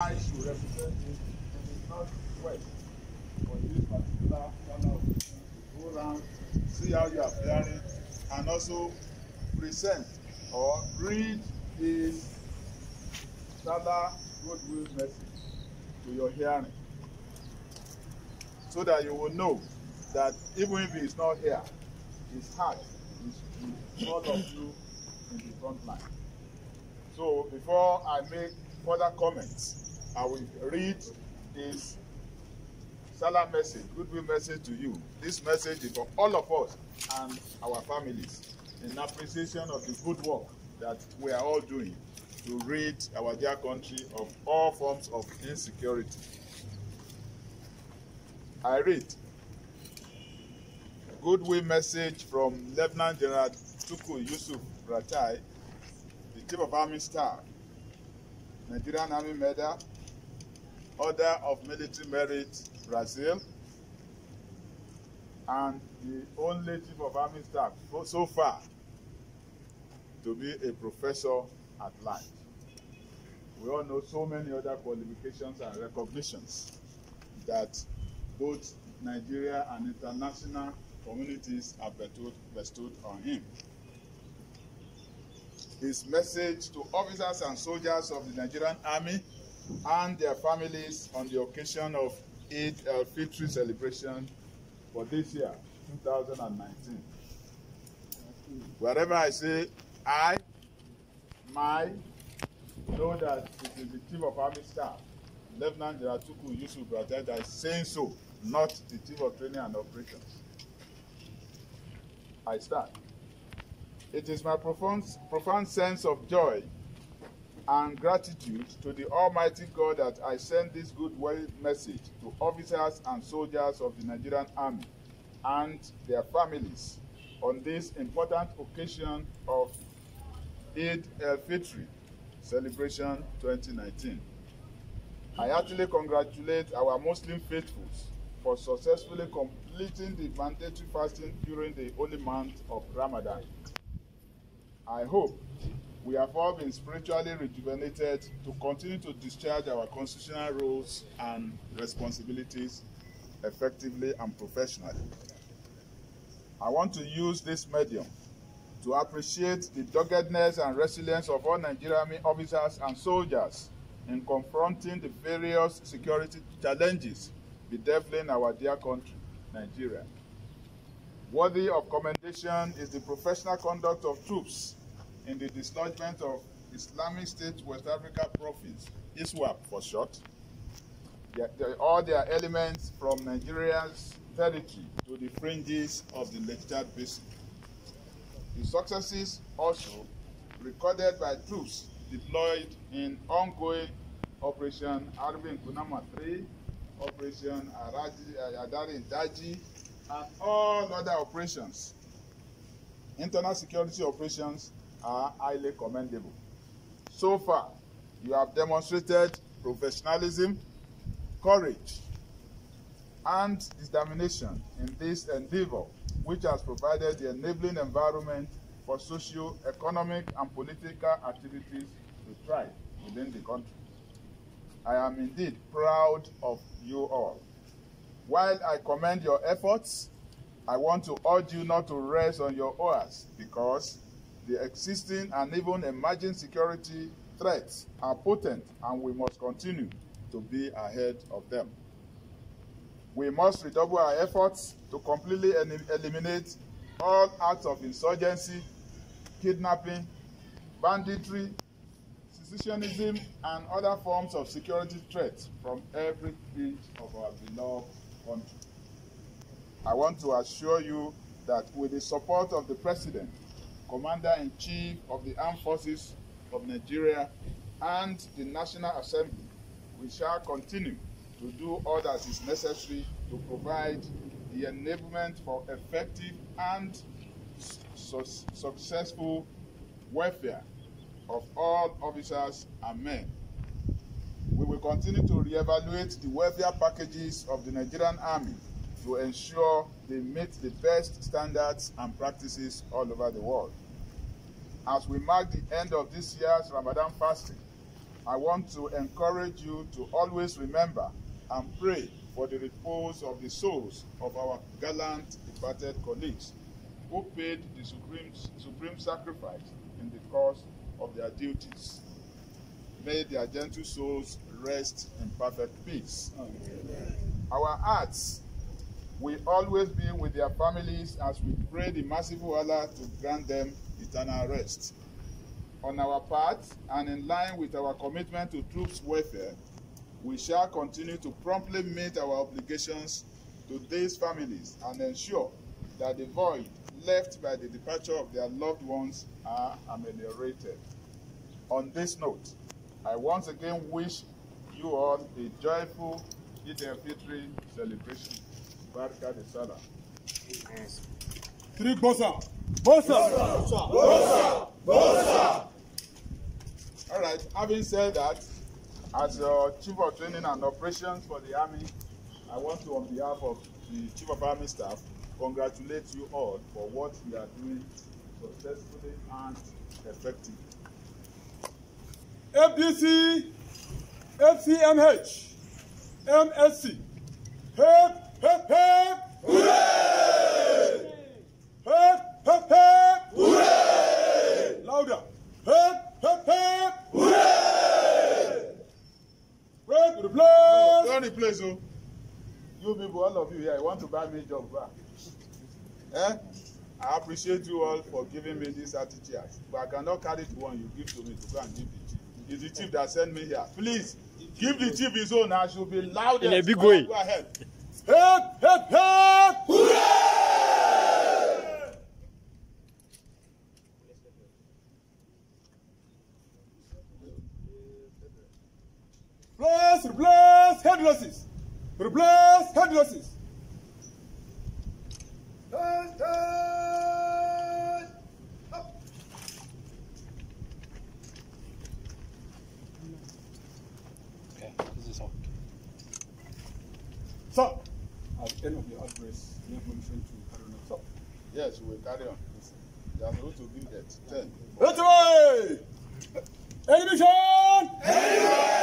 I should represent this in the northwest for this particular corner of the go round, see how you are faring, and also present or read the Shala Goodwill message to your hearing so that you will know that even if he is not here, his heart is with all of you in the front line. So before I make further comments, I will read his Salah message, goodwill message to you. This message is for all of us and our families in appreciation of the good work that we are all doing to rid our dear country of all forms of insecurity. I read goodwill message from Lieutenant General Tuku Yusuf Ratai, the Chief of Army Staff, Nigerian Army Medal, Order of Military Merit Brazil and the only chief of army staff so far to be a professor at large. We all know so many other qualifications and recognitions that both Nigeria and international communities have bestowed, bestowed on him. His message to officers and soldiers of the Nigerian Army and their families on the occasion of Eid al-Fitr celebration for this year, 2019. Wherever I say I, my, know that it is the chief of army staff, Lieutenant Jiratuku Yusuf Bratel, that is saying so, not the chief of training and operations. I start. It is my profound, profound sense of joy and gratitude to the Almighty God that I send this good word message to officers and soldiers of the Nigerian Army and their families on this important occasion of Eid el fitr celebration 2019. I heartily congratulate our Muslim faithfuls for successfully completing the mandatory fasting during the holy month of Ramadan. I hope We have all been spiritually rejuvenated to continue to discharge our constitutional roles and responsibilities effectively and professionally. I want to use this medium to appreciate the doggedness and resilience of all Nigerian Army officers and soldiers in confronting the various security challenges bedeviling our dear country, Nigeria. Worthy of commendation is the professional conduct of troops in the dislodgement of Islamic State West Africa Province ISWAP for short, the, the, all their elements from Nigeria's territory to the fringes of the Lake Chad Basin. The successes also recorded by troops deployed in ongoing Operation Arvin Kunama 3, Operation eh, Adari Daji, and all other operations, internal security operations are highly commendable. So far, you have demonstrated professionalism, courage, and determination in this endeavor, which has provided the enabling environment for socio-economic and political activities to thrive within the country. I am indeed proud of you all. While I commend your efforts, I want to urge you not to rest on your oars because the existing and even emerging security threats are potent and we must continue to be ahead of them. We must redouble our efforts to completely eliminate all acts of insurgency, kidnapping, banditry, secessionism, and other forms of security threats from every inch of our beloved country. I want to assure you that with the support of the President Commander-in-Chief of the Armed Forces of Nigeria, and the National Assembly, we shall continue to do all that is necessary to provide the enablement for effective and su successful welfare of all officers and men. We will continue to re-evaluate the welfare packages of the Nigerian Army to ensure they meet the best standards and practices all over the world. As we mark the end of this year's Ramadan fasting, I want to encourage you to always remember and pray for the repose of the souls of our gallant departed colleagues who paid the supreme, supreme sacrifice in the course of their duties. May their gentle souls rest in perfect peace. Amen. Our hearts will always be with their families as we pray the merciful Allah to grant them eternal rest. On our part, and in line with our commitment to troops' welfare, we shall continue to promptly meet our obligations to these families and ensure that the void left by the departure of their loved ones are ameliorated. On this note, I once again wish you all a joyful Eid al-Fitr celebration barka da sallah three bosa bosa bosa bosa bosa all right having said that as your chief of training and operations for the army i want to on behalf of the chief of army staff congratulate you all for what you are doing successfully and effectively. FDC, FCMH, MSC, HEP, Hep hep! Hooray! Hep hep Hooray! Louder. Hep hep Hooray! Pray to the place. No, the place, oh. You people, all of you here, want to buy me job back. Eh? I appreciate you all for giving me this attitude, but I cannot carry the one you give to me to go and give the chief. It's the chief that sent me here. Please, give the chief his own. I should be loud. In a big way. Go ahead. Hip, hip, hip! Hooray! Bless, head losses, Bless, head losses. Okay, this is all. Stop! at the end of your address, you have to carry on. So, yes, we will carry on. Yes, are supposed to give that 10. Victory! Elevation! Elevation!